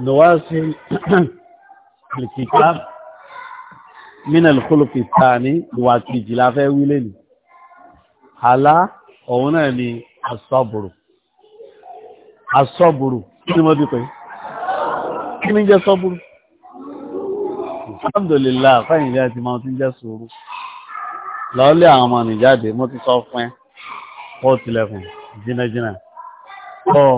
نواصل الكتاب من الخلق الثاني واتي جلافة ويلين على هنا ني الصبر الصبر kí mo bí pé kí ni jẹ́ sọ́bùrù alhamdulillah fẹ́yìn jẹ́ ti máa ti jẹ́ sùúrù lọ́ọ́lẹ́ àwọn ọmọ nìjáde mo ti sọ fún ẹ ó tilẹ̀kùn jìnnàjìnnà ọ́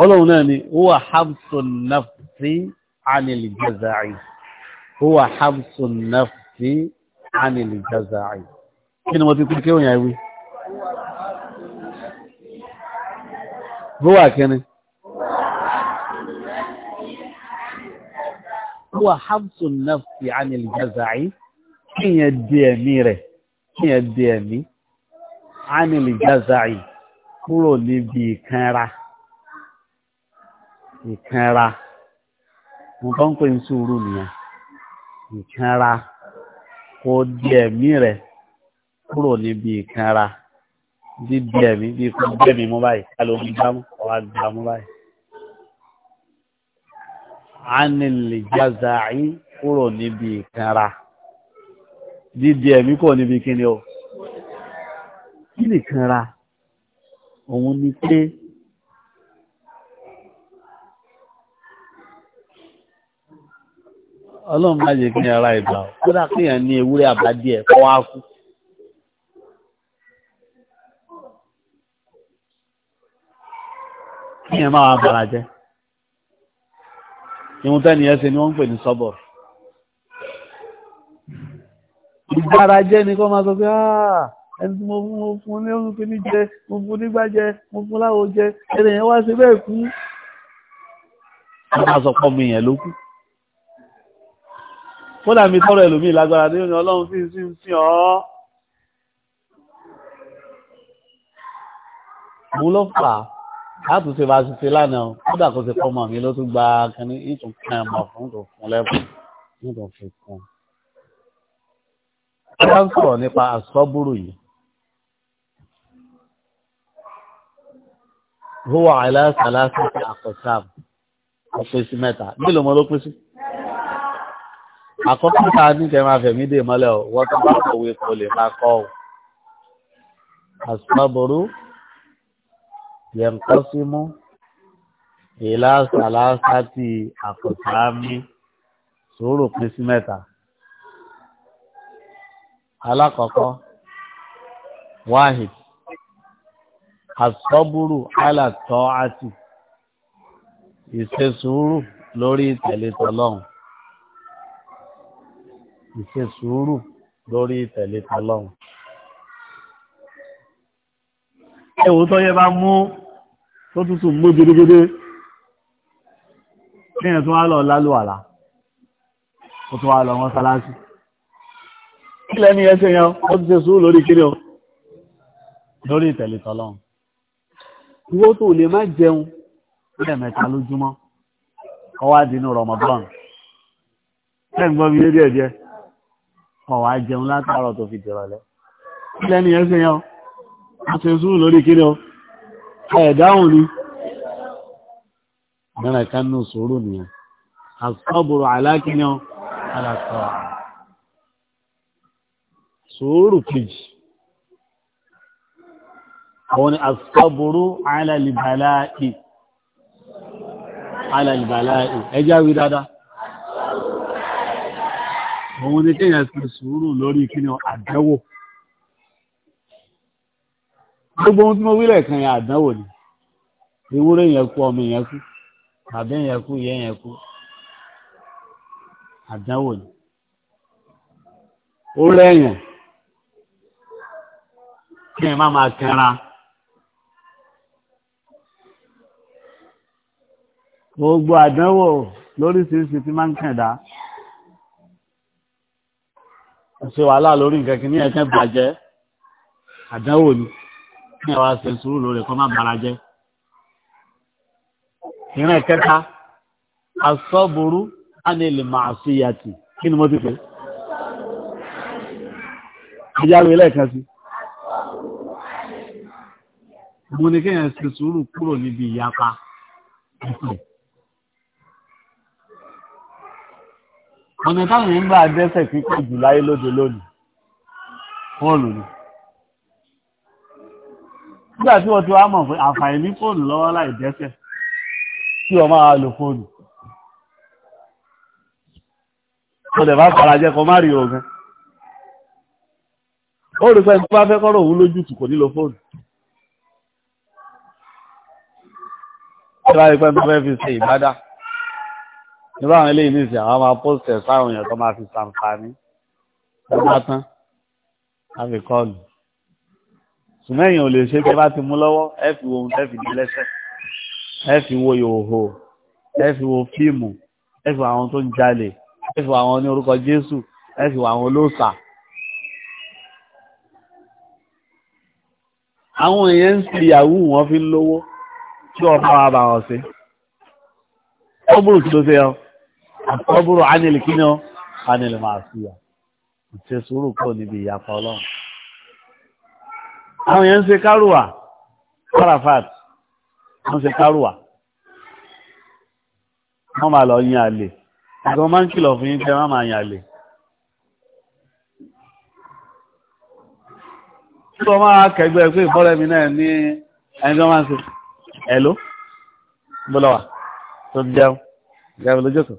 ọlọ́run náà ni huwa habsun nafsi anil jaza'i huwa habsun nafsi anil jaza'i kí ni mo ti kú kí òyìn àìwí huwa kíni huwa habsun nafsi anil jaza'i kí yẹn di ẹ̀mí rẹ̀ kí yẹn di ẹ̀mí anil kúrò níbi ìkanra ìkanra nǹkan ń pè ń sùúrù nìyẹn ìkanra kò di ẹ̀mí rẹ̀ kúrò níbi ìkanra dídí ẹ̀mí bíi kó gbẹ̀mí mú báyìí ká ló ń gbámú ọ̀wá gbámú báyìí. ánìlì jazaa'i kúrò níbi ìkanra di ẹ̀mí kò níbi kíni o kí nìkanra òun ni pé. ọlọ́run má jẹ́ kí ni ara ìgbà ó kódà kéèyàn ní ewúrẹ́ àbádìẹ kọ́ wá kú. kéèyàn máa wá bàrà jẹ́ ìwọ̀n tẹ́ni ẹsẹ̀ ni wọ́n ń pè ní sọ́bọ̀. ìgbára jẹ́ ni kọ́ máa sọ pé ah, ẹni tí mo fún mo fún ní oúnjẹ ní jẹ mo fún nígbà jẹ mo fún láwo jẹ ẹni yẹn wá sí bẹ́ẹ̀ kú. wọ́n máa sọ mi yẹn ló kú kódà mi tọrọ ẹlòmíì lágbára ní ọ̀nà ọlọ́run sí sí sí ọ́ mú ló fà látúnṣe bá ṣe lánàá kódà kó ṣe fọmọ mi ló tún gba kínní ìtún kan ẹ̀mọ̀ fún tó fún lẹ́kùn ní tó fi kún. wọ́n ń sọ̀rọ̀ nípa àsọ́búrú yìí. huwa ala salasati aqsam ó pèsè mẹ́ta mélòó mo ló pèsè àkọ́kọ́ tá a ní kẹ́ máa fẹ̀mí dè mọ́lẹ̀ ọ̀ wọ́n tó bá kọ̀wé kò lè máa kọ́ ọ̀ àsọ́bùrú yẹ̀ǹkọ́símú ìlàsàlásátì àkọ̀sáámi sòrò pín sí mẹ́ta alákọ̀ọ́kọ́ wáhid àsọ́bùrú alàtọ́ àti ìṣesùúrù lórí ìtẹ̀lé tọ́lọ́hùn ìṣe sùúrù lórí ìtẹ̀lé tọlọ́run. ẹ̀wò tó yẹ bá mú tó tútù mú gidigidi kí ẹ̀ tó wá lọ lálùwàlà ó tó wá lọ wọn sáláṣí ilẹ̀ ní ẹsẹ̀ yẹn ó ti ṣe sùúrù lórí kiri o lórí ìtẹ̀lé tọlọ́run. ìwọ tó lè má jẹun lẹ́ẹ̀mẹ́ta lójúmọ́ ọwá dínú Ramadan ẹ̀ ń gbọ́ mi lé díẹ̀ díẹ̀ ọ̀wà jẹun látàárọ̀ tó fi dìrọ̀lẹ́ lẹ́ni ẹsẹ̀ yẹn a ti sùn lórí kí ni ọ ẹ̀dáhùn ni mẹ́ra kánú sòrò nìyẹn àsọ́bùrù aláàkíní ọ alàtọ̀ sòrò kejì àwọn ni àsọ́bùrù alàlìbàláì alàlìbàláì ẹjá wí dáadáa òun ni kéèyàn ti sùúrù lórí kíni àdánwò gbogbo ohun tí mo wí lẹ́ẹ̀kan yẹn àdánwò ni ewúrẹ́ yẹn kú ọmọ yẹn kú tàbí yẹn kú yẹn yẹn kú àdánwò ni ó rẹ̀yàn kí ẹ má máa kẹra gbogbo àdánwò lóríṣiríṣi tí máa ń kẹ̀dá ṣe wàhálà lórí nǹkan kí ní ẹ̀kẹ́ bàjẹ́ àdánwò ni ní ẹ̀wà ṣe sùúrù lórí kọ́ má bara jẹ́ ìrìn kẹta asọ́burú ánìlì màá sí yàtì kí ni mo ti pè é ìjáwé lẹ́ẹ̀kan sí mo ní kéèyàn ṣe sùúrù kúrò níbi ìyapa ọ̀nà táwọn èèyàn bá dẹ́sẹ̀ pípọ̀ jù láyé lóde lónìí fóònù ni nígbà tí wọ́n ti wá mọ̀ pé àǹfààní ní fóònù lọ́wọ́ láì dẹ́sẹ̀ tí o máa lò fóònù ọ̀dẹ̀ bá farajẹ́ kọ má rí ogun ó rí pẹ́ tó bá fẹ́ kọ́rọ̀ òun lójútù kò nílò fóònù ó rí pẹ́ tó fẹ́ fi ṣe ìbádá nígbà àwọn eléyìí nìsín àwọn máa post ẹ̀ sáwọn èèyàn tó máa fi ṣàǹfààní nígbà tán á fi kọ́ọ̀lù ṣùgbọ́n èèyàn ò lè ṣe bí ẹ bá ti mú lọ́wọ́ ẹ fi wo ohun tẹ́ fi di lẹ́sẹ̀ ẹ fi wo ìhòòhò ẹ fi wo fíìmù ẹ fi wo àwọn tó ń jalè ẹ fi wo àwọn ní orúkọ Jésù ẹ fi wo àwọn olóòṣà. àwọn èèyàn ń fi ìyàwó wọn fi ń lówó tí ọba wa bá wọn ṣe ó burú kí ló ṣe ọ àkọ́bùrù ánìlì kí ni ó ánìlì máa fi à ìṣe sùúrù pọ̀ níbi ìyapa ọlọ́run àwọn yẹn ń ṣe kárùwà Arafat wọ́n ṣe kárùwà wọ́n máa lọ yin àlè àgbọn máa ń kìlọ̀ fún yín pé wọ́n máa yin àlè tí wọ́n máa kẹgbẹ́ pé ìbọ́rẹ̀ mi náà ní ẹni tó máa ń ṣe ẹ̀ló bọ́lọ́wà tó jẹun jẹun lójókòó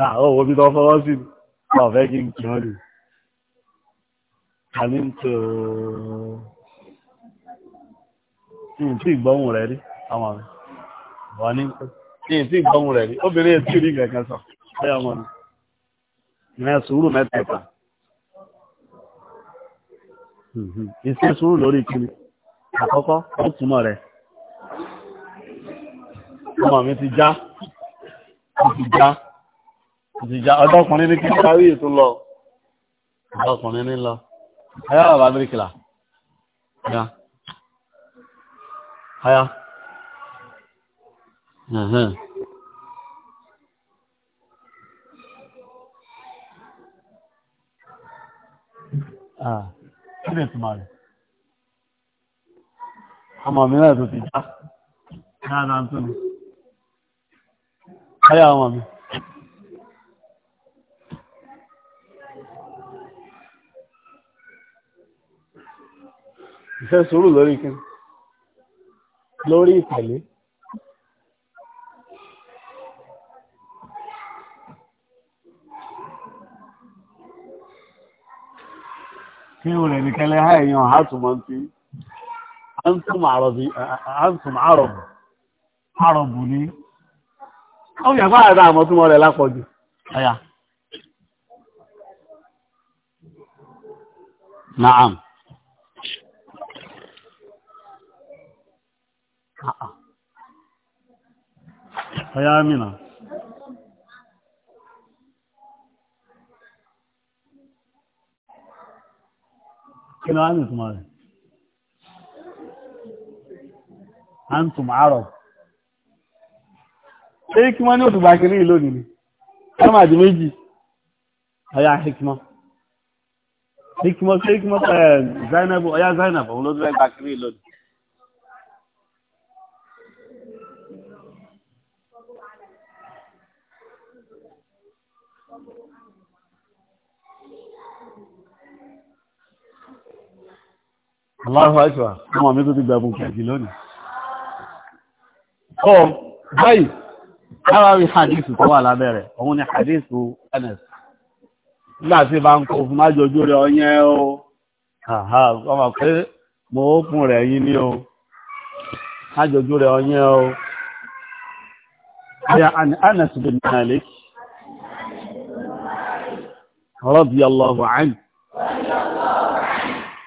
àwọn ah, òwò bí tó fọwọ́ sí ọ̀fẹ́ kí n kí wọ́n lè àní tó ní tí ìgbọ́hùn rẹ̀ rí àwọn àmì wà ní tí ìgbọ́hùn rẹ̀ rí obìnrin ètí rí gẹ̀gẹ̀ sọ ẹyà ọmọ mi ìrìn sùúrù mẹ́tẹ̀ẹ̀ta mhm. ìsẹ́ sùúrù lórí kiri àkọ́kọ́ ó túmọ̀ rẹ̀ ọmọ mi ti já ó ti já ìjà ọdọ́kùnrin ní kí n parí ètò lọ ọdọ́kùnrin ní lọ ayá bàbá bíríkìlà ayá ayá ẹ̀hẹ́n ah kí ni ìtumà rẹ̀ ọmọ mi náà tó ti já dáadáa tó ní ayá ọmọ mi ìfẹ́ sùúrù lórí kí lórí ìtẹ̀lé kí o rẹ̀ nìkẹ́lẹ́ ha èèyàn àtùmọ̀ tí àǹtùm àrọ̀bù àrọ̀bù ní ó yàgbá àdá àmọ́túnmọ́ rẹ̀ lápọ̀jù ọ̀yà Naam. ọ̀yá mìnà kí ló wá ní rẹ̀ a ń tùmọ̀ àárọ̀ ṣe kí wọ́n ní òtùgbà kìrí ìlò nìí ọmọdé méjì ọ̀yá hikmọ́ Allahu Akbar, ọmọ mi tó ti gbàgbọ́ kẹ̀kì lónìí. Ọ báyìí, lára rí hadithu tó wà lábẹ́rẹ̀, òun ni hadithu Anas. Nígbà tí bá ń kó fún májò ojú rẹ̀ ọyẹ́ o, àhá, ọmọ pé mo ókun rẹ̀ yí ní o, májò ojú ọyẹ́ o. Aya Anas bin Malik, radiyallahu anhu,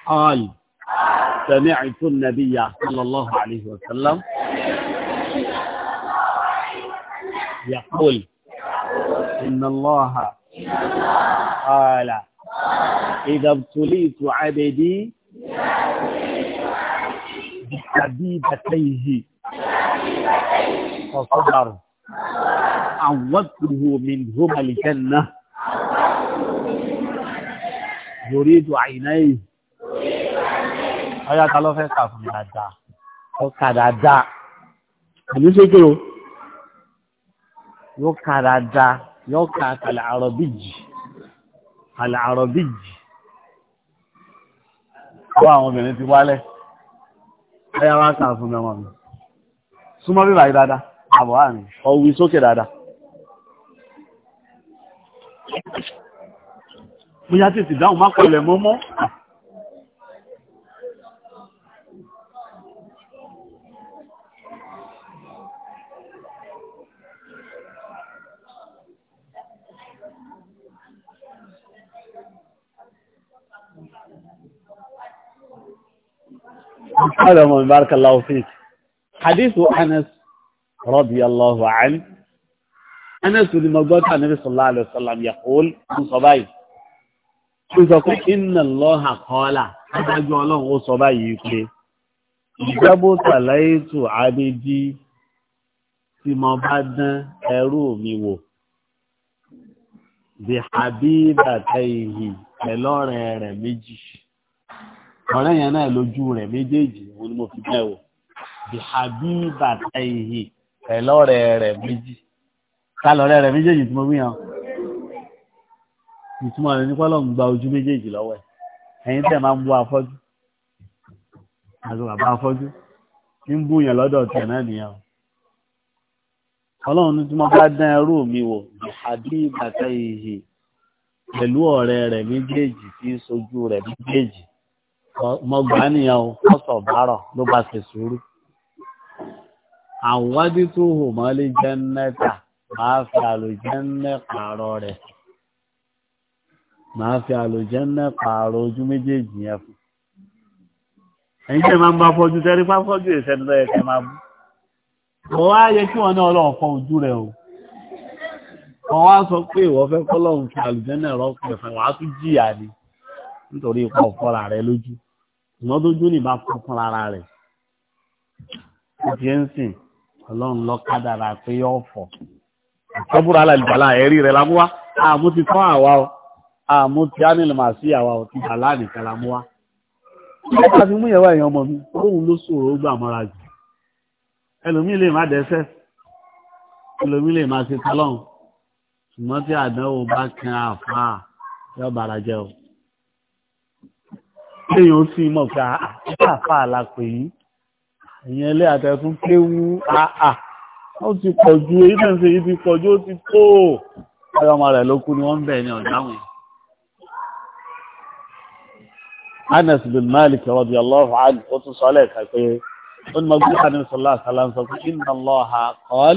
qala. سمعت النبي صلى الله عليه وسلم يقول إن الله قال إذا ابتليت عبدي بحبيبتيه فصبر عوضته منهما الجنة يريد عينيه ọyá ta ló fẹ́ kà fún mi dáadáa ó kà dáadáa àbí ṣe kí o yóò kà dáadáa yóò kà kàlẹ́ àrọ̀bíjì kàlẹ́ àrọ̀bíjì wọ́n àwọn obìnrin ti wálẹ̀ ọyá wá kà fún mi ọmọ mi súnmọ́ bíbá yìí dáadáa àbọ̀ àárín ọ̀wí sókè dáadáa. mo yá tètè dáhùn má pẹ̀lẹ́ mọ́mọ́. هذا ما بارك الله فيك حديث أنس رضي الله عنه أنس لما قلت النبي صلى الله عليه وسلم يقول صباي. صبي يقول إن الله قال هذا جعله صبي يقول ìjábọ̀ tàláyétù àbíjí tí mo bá dán ẹrú mi wò bí àbí bàtà ìhì pẹ̀lọ́rẹ̀ méjì ọ̀rẹ́ yẹn náà lójú rẹ̀ méjèèjì òun ni mo fi bẹ́ẹ̀ wò bìhàbí bàtà ìhì ẹ̀lọ́rẹ̀ rẹ̀ méjì ká lọ́rẹ́ rẹ̀ méjèèjì tí mo wí hàn ìtumọ̀ rẹ̀ nípa lọ́n gba ojú méjèèjì lọ́wọ́ ẹ̀ ẹ̀yin tẹ̀ máa ń bú afọ́jú àti bàbá afọ́jú ń bú yẹn lọ́dọ̀ tẹ̀ náà nìyẹn ọlọ́run tí mo bá dán ẹrú mi wò bìhàbí bàtà ìhì pẹ̀lú ọ̀rẹ́ rẹ̀ méjèèjì tí ń sojú rẹ̀ méjèèjì mọ̀gbà nìyẹn o ọ̀sọ̀ bárọ̀ ló bá ṣe sùúrù. àwọ̀dí tó hù mọ́lé jẹ́ nẹ́ta máa fi àlòjẹ́ nẹ́ pààrọ̀ rẹ̀ máa fi àlòjẹ́ nẹ́ pààrọ̀ ojú méjèèjì yẹn fún. ẹ̀yin tẹ́ máa ń bá fọ́jú tẹ́rí pápọ́jú ìṣẹ́ni lọ́yẹ̀ kẹ́ máa bú. kò wá yẹ kí wọ́n ní ọlọ́run fọ ojú rẹ̀ o. wọ́n wá sọ pé ìwọ fẹ́ kọ́lọ́run fi àlòjẹ́ nẹ́ rọ́pò wàá tún jìyà ni nítorí ipò ọ̀fọ́ra rẹ̀ lójú ìmọ́dójú ní bá fún fún ara rẹ̀ ìdí ẹ̀ńsìn ọlọ́run lọ kádàrà pé yóò fọ̀ ìtọ́bùrọ̀ alàlùbàlà ẹ̀rí rẹ̀ lámúwá àmú ti fún àwa o àmú ti ánìlì màá sí àwa o ti bàlá nìkan lámúwá ó bá fi mú ìyẹ̀wò èèyàn ọmọ mi olóhùn ló ṣòro ó gbà mọ́ra jù ẹlòmíì lè má dẹ́sẹ̀ ẹlòmíì lè má ṣe tọ́lọ́hùn ṣùgbọ́n tí àdánwò bá kan àfáà yóò bàrà jẹ́ o léyìn ó sì mọ̀ pé àpá àlàpè yìí ìyẹn ilé àtẹ̀tún kéwú àà ah, ah, ó ti pọ̀ ju èyí tẹ̀ ń ṣe yìí ti pọ̀ ju ó ti tó ọ̀rọ̀ ọmọ rẹ̀ ló kú ni wọ́n ń bẹ̀ ní ọ̀dáwìn. Anas bin Malik radiyallahu anhu ó tún sọ lẹ́ẹ̀ka pé ó ní magbó kan ní sọlá àsálà ń sọ pé inna Allaha qala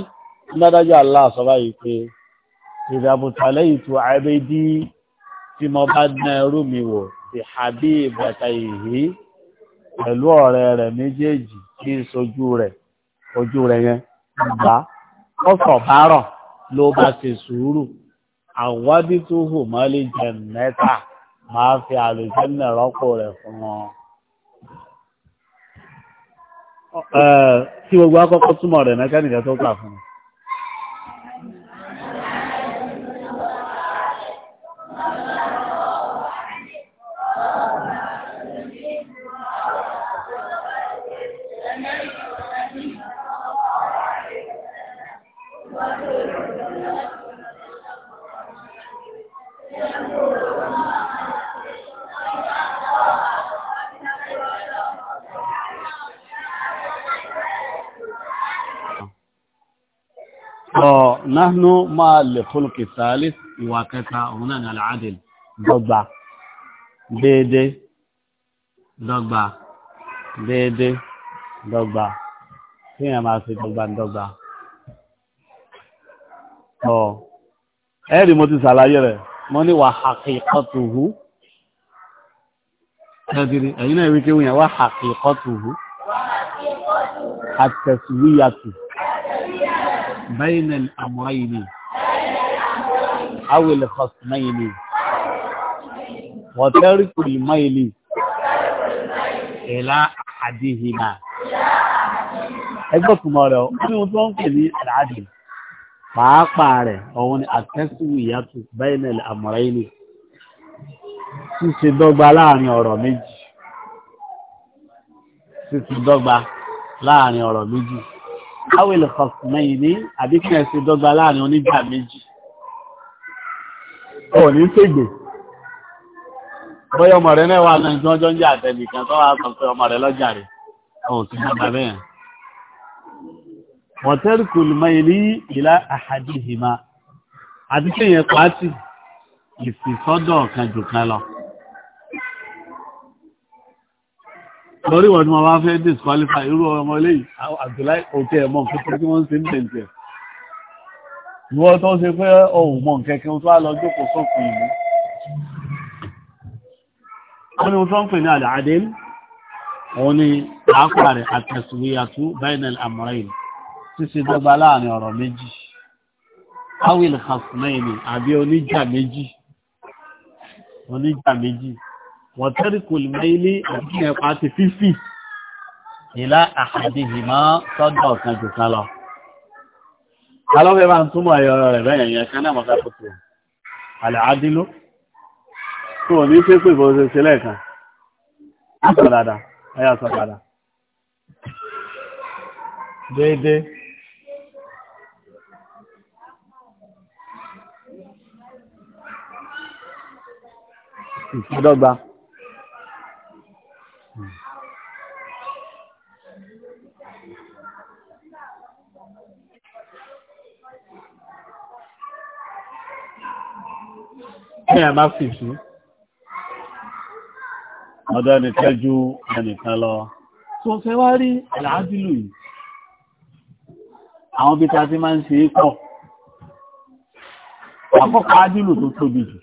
ní adájọ́ Allah sọ báyìí pé idha butalitu abdi tí mo bá ná ẹrú mi wò ti habibata yìí pẹ̀lú ọ̀rẹ́ rẹ̀ méjèèjì kí n sojú rẹ̀ ojú rẹ̀ yẹn gbà ó sọ̀bárọ̀ ló bá ṣe sùúrù àwádìtúhù mọ́lẹ̀ jẹ mẹ́ta máa fi àlùjẹ́nà rọ́pò rẹ̀ fún wọn. kí gbogbo akọ́kọ́ túmọ̀ rẹ̀ náà tó kà fún un. نحن ما لخلق الثالث وكتا هنا العدل ضبع ديدي ضبع ديدي ضبع فيما ما في ضبع ضبع ọ ẹ̀rí mo ti ṣàlàyé rẹ̀ mo ní wà hàkìkọ́tùhù ẹ̀dìrí ẹ̀yìn náà wí kéwìn yẹn wà hàkìkọ́tùhù àtẹ̀síwíyàtù bẹ́yìn àmúráyìnì awìlẹ̀ kọ̀sìmáyìnì wọ̀tẹ́rìkù ìmáyìnì ìlà àdìhìnà ẹgbẹ́ kùmọ̀ rẹ̀ ó ní ohun tó ń pè ní àdáàdìí pàápàá rẹ̀ ọ̀hun ni àtẹ́síwì ìyàtú bẹ́ẹ̀nẹ̀lì àmọ̀rẹ́lì ṣíṣe dọ́gba láàrin ọ̀rọ̀ méjì ṣíṣe dọ́gba láàrin ọ̀rọ̀ méjì awele kọ̀sìmẹ́yìn ní àbíkẹ́ ṣe dọ́gba láàrin onígbà méjì ò ní ṣègbè bóyá ọmọ rẹ̀ náà wà náà tí ń jà àtẹnìkan tó wà sọ pé ọmọ rẹ̀ lọ́jà rẹ̀ ò kí n bàbá bẹ́ẹ̀ wọ̀tẹ́rì kò lè máa ilé ìlà àhàdìhìmá àti kí èèyàn pàtì ìfìsọ́dọ̀ kan jù kan lọ. lórí wọn ni wọn bá fẹ́ disqualify irú ọmọ eléyìí Abdullahi òkè ẹ̀mọ́ nǹkan tí wọ́n ń ṣe ń tẹ̀ǹtẹ̀. ìwọ́n tó ṣe pé ọ̀hún mọ̀ kẹ̀kẹ́ tó wá lọ jókòó sókùn ìlú. wọ́n ní wọ́n tó ń pè ní àdáadé òun ni àákùrà rẹ̀ àtẹ̀sùwéyàtú bainal ṣíṣe dọ́gba láàrin ọ̀rọ̀ méjì awil hasnaini àbí oníjà méjì oníjà méjì wọ́n tẹ́ríkù ilé àbí ẹ̀pà ti fífì ìlà àhàdìhìmọ́ sọ́dọ̀ ọ̀kan jù kan lọ alọ́fẹ́ bá ń túnmọ̀ ẹ̀yọ́ rẹ̀ bẹ́yẹn yẹn kan náà mọ́ká tó tó àlàádìlú tó wọ́n ní pé pé bó ṣe ṣe lẹ́ẹ̀kan sọ dáadáa ẹ̀yà sọ dáadáa déédéé ìṣèdọ́gba. ní ẹ̀ má fi sí ọ̀dọ̀ nìkan ju ẹnìkan lọ tó fẹ́ wá rí àlàájúlù yìí àwọn bí ta ti máa ń ṣe é pọ̀ àkọ́kọ́ ájúlù tó tóbi jù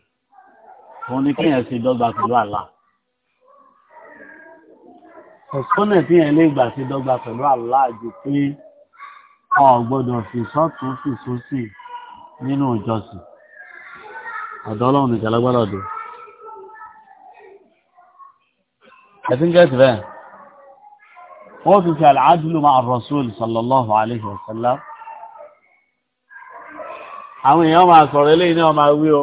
òun ni kéèyàn ṣe dọ́gba pẹ̀lú àlá ọ̀sọ́nà tí yẹn lè gbà ṣe dọ́gba pẹ̀lú àlá ju pé wọn ò gbọ́dọ̀ fi sọ́tún fi sósì nínú ìjọsìn ọ̀dọ̀ ọlọ́run nìkan lágbọ́dọ̀ dé ẹ̀sì ń gẹ̀ẹ́sì bẹ́ẹ̀ wọ́n fi fi àlàádùlù máa rọ̀súlù sallallahu alaihi wasallam àwọn èèyàn máa sọ̀rọ̀ eléyìí náà máa wí o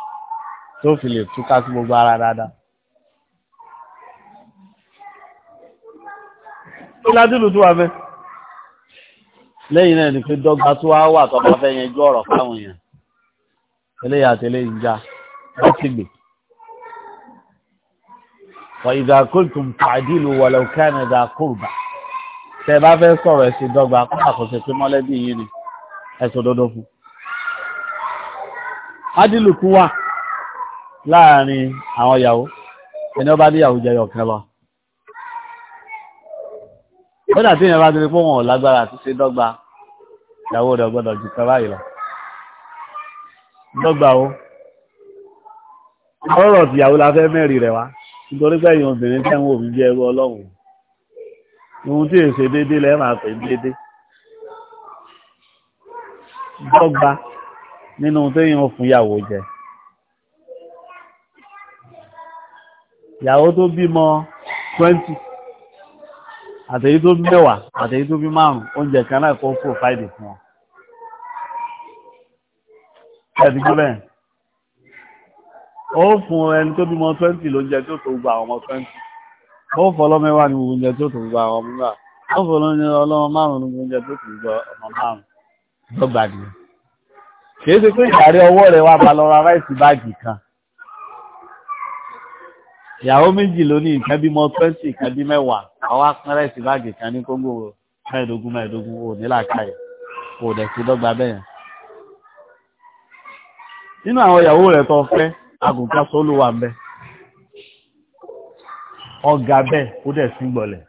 tó fi lè túká sí gbogbo ara dáadáa. ó ládùúgbò tó wà fẹ́. lẹ́yìn náà ni pé dọ́gba tó wá wà tó bá fẹ́ yanjú ọ̀rọ̀ fáwọn èèyàn eléyà àti eléyìí já láti gbè. wà ìgbà kóòtù pàdílù wọ̀lẹ̀ kánàdà kùrbà tẹ bá fẹ́ sọ̀rọ̀ ẹ̀sìn dọ́gba kó àkọsẹ̀ pé mọ́lẹ́bí yìí ni ẹ̀sùn dodo fún. adìlù kú wà láàrin àwọn ìyàwó ẹni ọba níyàwó jẹyọ kan lọ ó dà tí ìyẹn bá ti rí pé wọn ò lágbára àti ṣe dọ́gba ìyàwó rẹ̀ gbọ́dọ̀ ju kan báyìí lọ dọ́gba o ọ̀rọ̀ tìyàwó la fẹ́ mẹ́rin rẹ̀ wá nítorí pẹ́yìn obìnrin tẹ́ ń wò mí bí ẹrú ọlọ́run ohun tí èsè déédé lẹ́ máa pè déédé dọ́gba nínú tẹ́yìn òfin ìyàwó jẹ ìyàwó tó bímọ twenty àtẹ̀yí tó bí mẹ́wàá àtẹ̀yí tó bí márùn oúnjẹ kan náà kó fò fáìdì fún wọn. ẹ̀dùnkú bẹ́ẹ̀ ó fún ẹni tó bímọ twenty lóúnjẹ tó tó gba àwọn ọmọ twenty ó fọ ọlọ́mẹ́wàá ní gbogbo oúnjẹ tó tó gba àwọn ọmọ náà ó fọ ọlọ́mọ márùn ní gbogbo oúnjẹ tó tó gba ọmọ márùn lọ́gbàdì. kì í ṣe pé ìyàrí ọwọ́ rẹ̀ wá balọ̀ ra ráìsì báàgì kan ìyàwó méjì ló ní ìkẹ́ bímọ twenty ìkẹ́ bí mẹ́wàá àwa pẹ́rẹ́ sí báàgì kan ní kóńgò mẹ́ẹ̀ẹ́dógún mẹ́ẹ̀ẹ́dógún ò ní làákàyè kò dẹ̀ sí dọ́gba bẹ́ẹ̀ nínú àwọn ìyàwó rẹ̀ tó fẹ́ agùnkà sólù wà mbẹ́ ọ̀gá bẹ́ẹ̀ ó dẹ̀ sí gbọ̀lẹ̀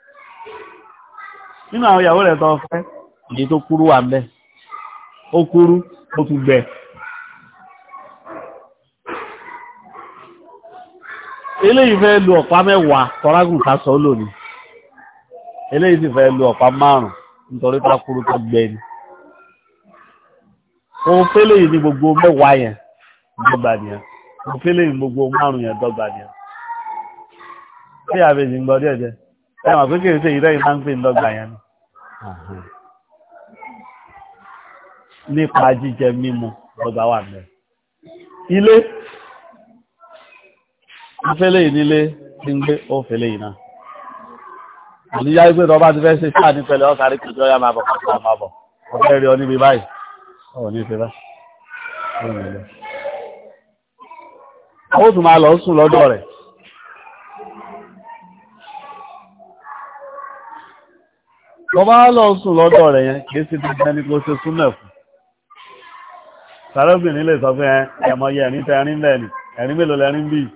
nínú àwọn ìyàwó rẹ̀ tó fẹ́ èyí tó kúrú wà mbẹ́ ó kúrú ó tún gbẹ eléyìí fẹ́ lu ọ̀pá mẹ́wàá tọ́rágùn ká sọ lónìí eléyìí sì fẹ́ lu ọ̀pá márùn nítorí pákúrú tó gbẹ ni òun fẹ́lẹ̀ yìí ní gbogbo mẹ́wàá yẹn dọ́gba nìyẹn òun fẹ́lẹ̀ yìí Ni gbogbo márùn yẹn dọ́gba nìyẹn bí àbèjì ń gbọ́ díẹ̀ díẹ̀ ẹ mà pé kìí ṣe ìdá yìí ń pè ní dọ́gba yẹn ni nípa jíjẹ mímu dọ́gba wà mẹ́ ilé afẹ́lẹ̀ ìnílé ti ń gbé ó fẹ́lẹ̀ ìná àníyá wípé tọba ti fẹ́ ṣe sáà ní pẹ̀lẹ́ ọkàrí kìí ọyá máa bọ̀ kọ́kọ́ máa bọ̀ ọ̀fẹ́ rí ọ níbi báyìí ọ̀ ní ìfẹ́ báyìí ó tún máa lọ sùn lọ́dọ̀ rẹ̀ tọba lọ sùn lọ́dọ̀ rẹ̀ yẹn kìí sí dandan ní kó ṣe súnmẹ̀ fún sàrẹ́bìnrin lè sọ fún ẹ yẹ ẹ̀rín tẹ lẹ́ni ẹ̀rín mélòó lẹ́rín bíi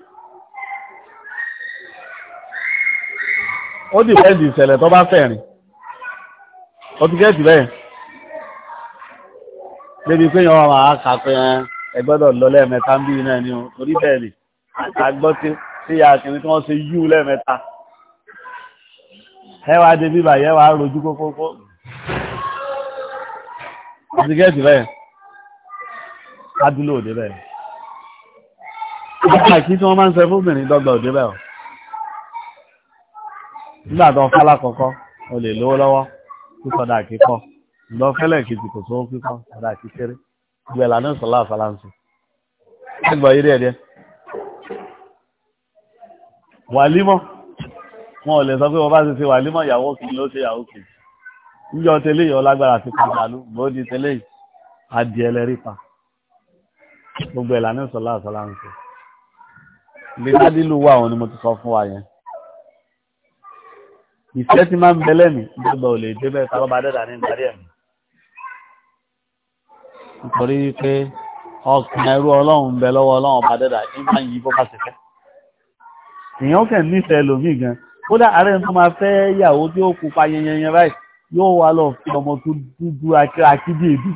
ó dìpẹ́ǹdì ìṣẹ̀lẹ̀ tó bá fẹ̀rin ó ti gẹ́ẹ̀tì bẹ́ẹ̀ débi pé yàn máa kà pé ẹ gbọ́dọ̀ lọ lẹ́ẹ̀mẹ́ta ń bí iná ẹni o torí bẹ́ẹ̀ ni àgbọ́ tí sí akìnrin tí wọ́n ṣe yú lẹ́ẹ̀mẹ́ta ẹ wá dé bíbà yẹ wá rojú kókókó ó ti gẹ́ẹ̀tì bẹ́ẹ̀ adúlò òde bẹ́ẹ̀ àkí tí wọ́n máa ń sẹ fún obìnrin dọ́gba òde bẹ́ẹ̀ o nígbà tó fálá kọ̀kọ́ o lè lówó lọ́wọ́ kí sọ̀dà kíkọ́ ìgbọ́n fẹ́lẹ̀ kìtì kò sówó kíkọ́ sọ̀dà kíkéré ìgbẹ́ ìlànà ìsọ̀lá àfàlàǹsì ẹgbọ̀ yìí rẹ̀ wàlímọ̀ wọn ò lè sọ pé wọ́n bá ti ṣe wàlímọ̀ ìyàwó kì ló ṣe ìyàwó kì níjọ tẹ́lẹ̀ yọ lágbára ti padà lú bó di tẹ́lẹ̀ adìẹ lẹ́rí pa gbogbo ìlànà ìsọ̀lá àfàlàǹsì lè dádìlú wà òun ni mo ti sọ fún wa yẹn ìfẹ́ ti máa ń bẹ lẹ́mí gbogbo ò lè dé bẹ́ẹ̀ tó bá dẹ́dà ní ìdarí ẹ̀mí nítorí wípé ọkàn ẹrú ọlọ́run ń bẹ lọ́wọ́ ọlọ́run ọba dẹ́dà ní máa ń yí bó bá ṣe fẹ́ èèyàn kàn nífẹ̀ẹ́ lòmíì gan kódà ààrẹ tó máa fẹ́ yàwó tí ó kópa yẹnyẹnyẹn báyìí yóò wá lọ fi ọmọ tó dúdú akíraki bí èdè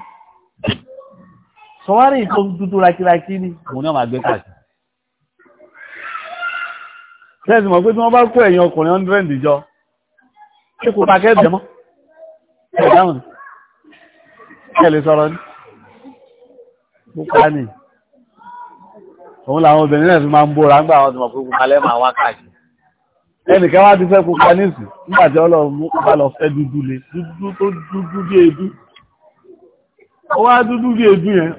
sọwárì tó dúdú akíraki ni òun náà máa gbé káàkiri sẹ́ẹ̀sì mọ̀ pé tí wọ́n bá kó ẹ̀yìn ọkùnrin hundred jọ ṣe kò bàkẹ́ ẹ̀dẹ̀ mọ́ ẹ̀dáhùn ẹ̀lẹ́ sọ̀rọ̀ ní púpá ní òun làwọn obìnrin náà fi máa ń bóra ń gbà àwọn ọmọ púpá lẹ́mà wá káàkiri ẹnìkan wá ti fẹ́ pupa nísì nígbàtí ọlọ́run bá lọ fẹ́ dúdú lé dúdú tó dúdú bí èédú ó wá dúdú bí èédú yẹn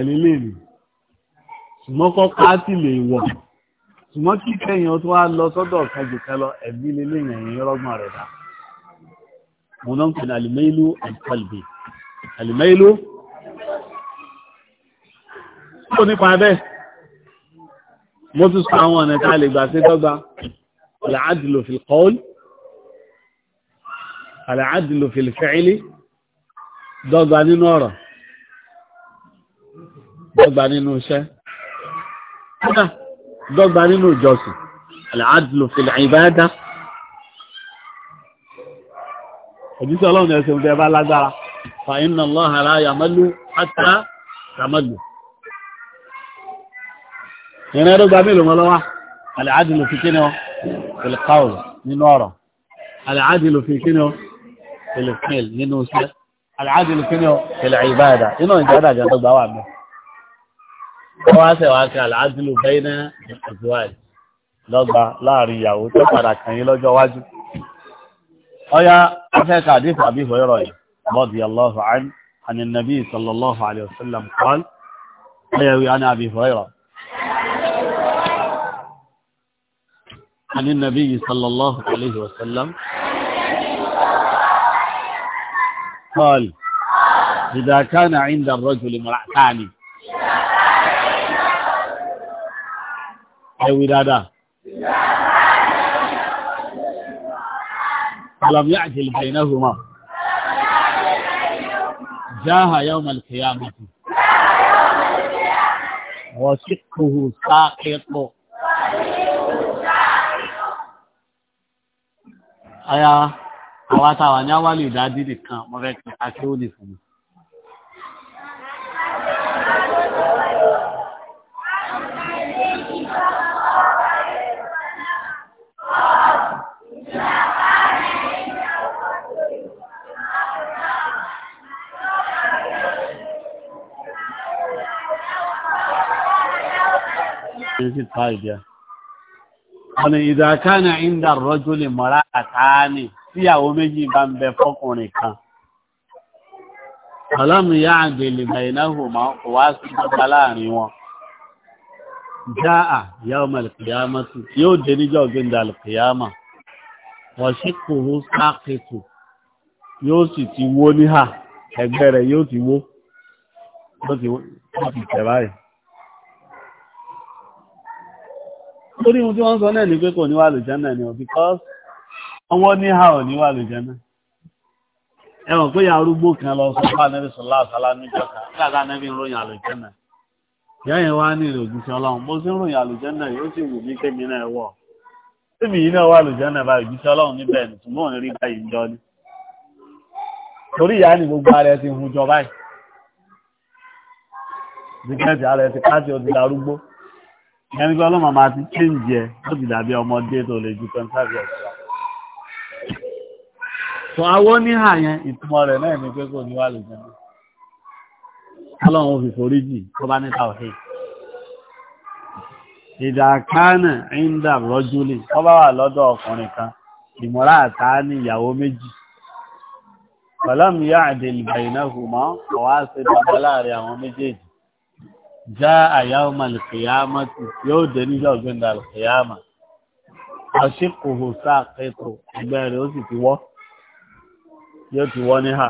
òun ní ṣùgbọ́n kọ́ pàátì lè wọ̀ ṣùgbọ́n kí kẹyìn tó wá lọ sọ́dọ̀ kẹjù kẹlọ ẹ̀bí lélẹ̀ yẹ̀yìn rọ́gbọ̀n rẹ̀ dá wọn náà ń pè ní alìmẹ́lú àìkọlùbì alìmẹ́lú tó nípa bẹ́ẹ̀ mo tún sọ àwọn ọ̀nà tá a lè gbà sí dọ́gba العدل في القول العدل في الفعل dọ́gba nínú ọ̀rọ̀ dọ́gba nínú iṣẹ́ kódà dọ́gba nínú ìjọsìn aláàdùlù fìlẹ̀ ìbáyádá òjísọ́ ọlọ́run ẹ̀sẹ̀ ìfẹ́ bá lágbára fàyínà lọ́hàrá yàmọ́lú àtà yàmọ́lú ìrìn ẹ̀dọ́gba mélòó wọn lọ́wọ́ aláàdùlù fi kíni ọ fìlẹ̀ káwùlù nínú ọ̀rọ̀ aláàdùlù fi kíni ọ fìlẹ̀ fìlẹ̀ nínú iṣẹ́ aláàdùlù kíni ọ fìlẹ̀ ìbáyádá واسع واسع العدل بين الأزواج لضع لا ريا وتفرع كان يلو جواج ويا أفاق حديث أبي هريرة رضي الله عنه عن النبي صلى الله عليه وسلم قال ويا أبي هريرة عن النبي صلى الله عليه وسلم قال إذا كان عند الرجل مرأتاني ẹwì dáadáa alam ya'jil baynahuma jaha yawm al-qiyamati wa shiqquhu saqiqu aya àwọn àtàwà ní àwálì ìdádí nìkan mọ́fẹ́ kí a kí ó lè fún mi sí ta ìdíyà ọ̀nà ìdàkánà ìdá rọ́jú lè mọ́ra àtàánì tíyàwó méjì bá ń bẹ fọ́kùnrin kan ọlọ́run yá àgbèlè bàìnáhù máa kò wá sí dọ́gba láàrin wọn já à yá ọmọ ìpìyàmọ́ sí yóò dé níjọ́ gbẹ̀ndà ìpìyàmọ́ wọ́n sì kòrò sáàkìtù yóò sì ti wó níhà ẹgbẹ́ rẹ̀ yóò ti wó yóò ti tẹ̀ báyìí torí ohun tí wọ́n sọ náà ni pé kò ní wà lùjánà ni ọ̀ because ọwọ́ ní ha ò ní wà lùjánà ẹwọ̀n pé ya arúgbó kan lọ sọ fún anẹ́bí sọlá àsálá níjọ́ kan káàkiri anẹ́bí ń ròyìn àlùjánà ìyá yẹn wá ní ìròyìn sí ọlọ́run bó sí ń ròyìn àlùjánà yóò sì wù mí kémi náà wọ̀ tèmi yìí náà wà lùjánà bá ìgbésí ọlọ́run níbẹ̀ ṣùgbọ́n òun rí báyìí ń jọ ni torí ìyá ni gbogbo ara ẹ ti ìyẹn ní pé ọlọ́mọ máa ti change ẹ ó ti dàbí ọmọdé tó lè ju twenty five years lọ. sọ awọ níhà yẹn ìtumọ̀ rẹ̀ náà ni pé kò ní wà lójú náà ọlọ́run fi forí jì tó bá níta òfin ìdàkánà ìndà rọ́júlì tó bá wà lọ́dọ̀ ọkùnrin kan ìmọ̀ra àtà ní ìyàwó méjì pẹ̀lọ́mù yá àdèlìbà ìnáhùmọ́ ọ̀wá sí dábọ́ láàrin àwọn méjèèjì جاء يوم القيامة يود نجا عند القيامة أشقه ساقط بẹ̀rẹ̀ ó sì ti wọ́ yóò ti wọ́ níhà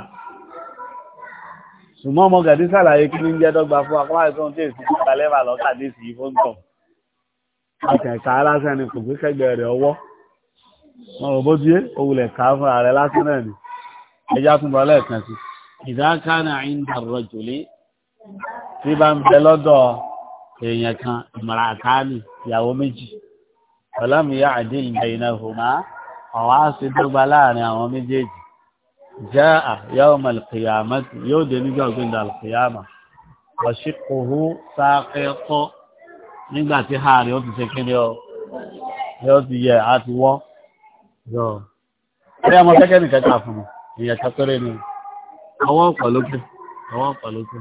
ṣùgbọ́n ọmọ gàdí sàlàyé kí ní ń jẹ́ dọ́gba fún akọ́wà ìtọ́n tí èsì ti balẹ́bà lọ́kàdé sí fún tọ̀ àtẹ̀ká lásán ni kò gbé kẹgbẹ́ rẹ̀ ọwọ́ wọn ò bó díé òwúlẹ̀ ká tí bá ń bẹ lọ́dọ̀ èèyàn kan ìmọ̀ràn àkáàlì ìyàwó méjì ọlọ́mìyá àdìl bẹ̀yìnà hùmá ọ̀wá sí dọ́gba láàrin àwọn méjèèjì jẹ́ yawm al-qiyamah yóò dé nígbà ògbìndà alkìyàmà ọ̀ṣì kòhó sáfẹ́kọ́ nígbà tí hàrí ó ti ṣe kí ni ọ yóò ti yẹ àti wọ́ yọ ẹ̀rẹ́ ọmọ kẹ́kẹ́ nìkan kà fún mi ìyẹn kẹ́kẹ́rẹ́ ni ọwọ́ ọ̀pọ̀ lókè ọwọ́ ọ̀pọ̀ lókè.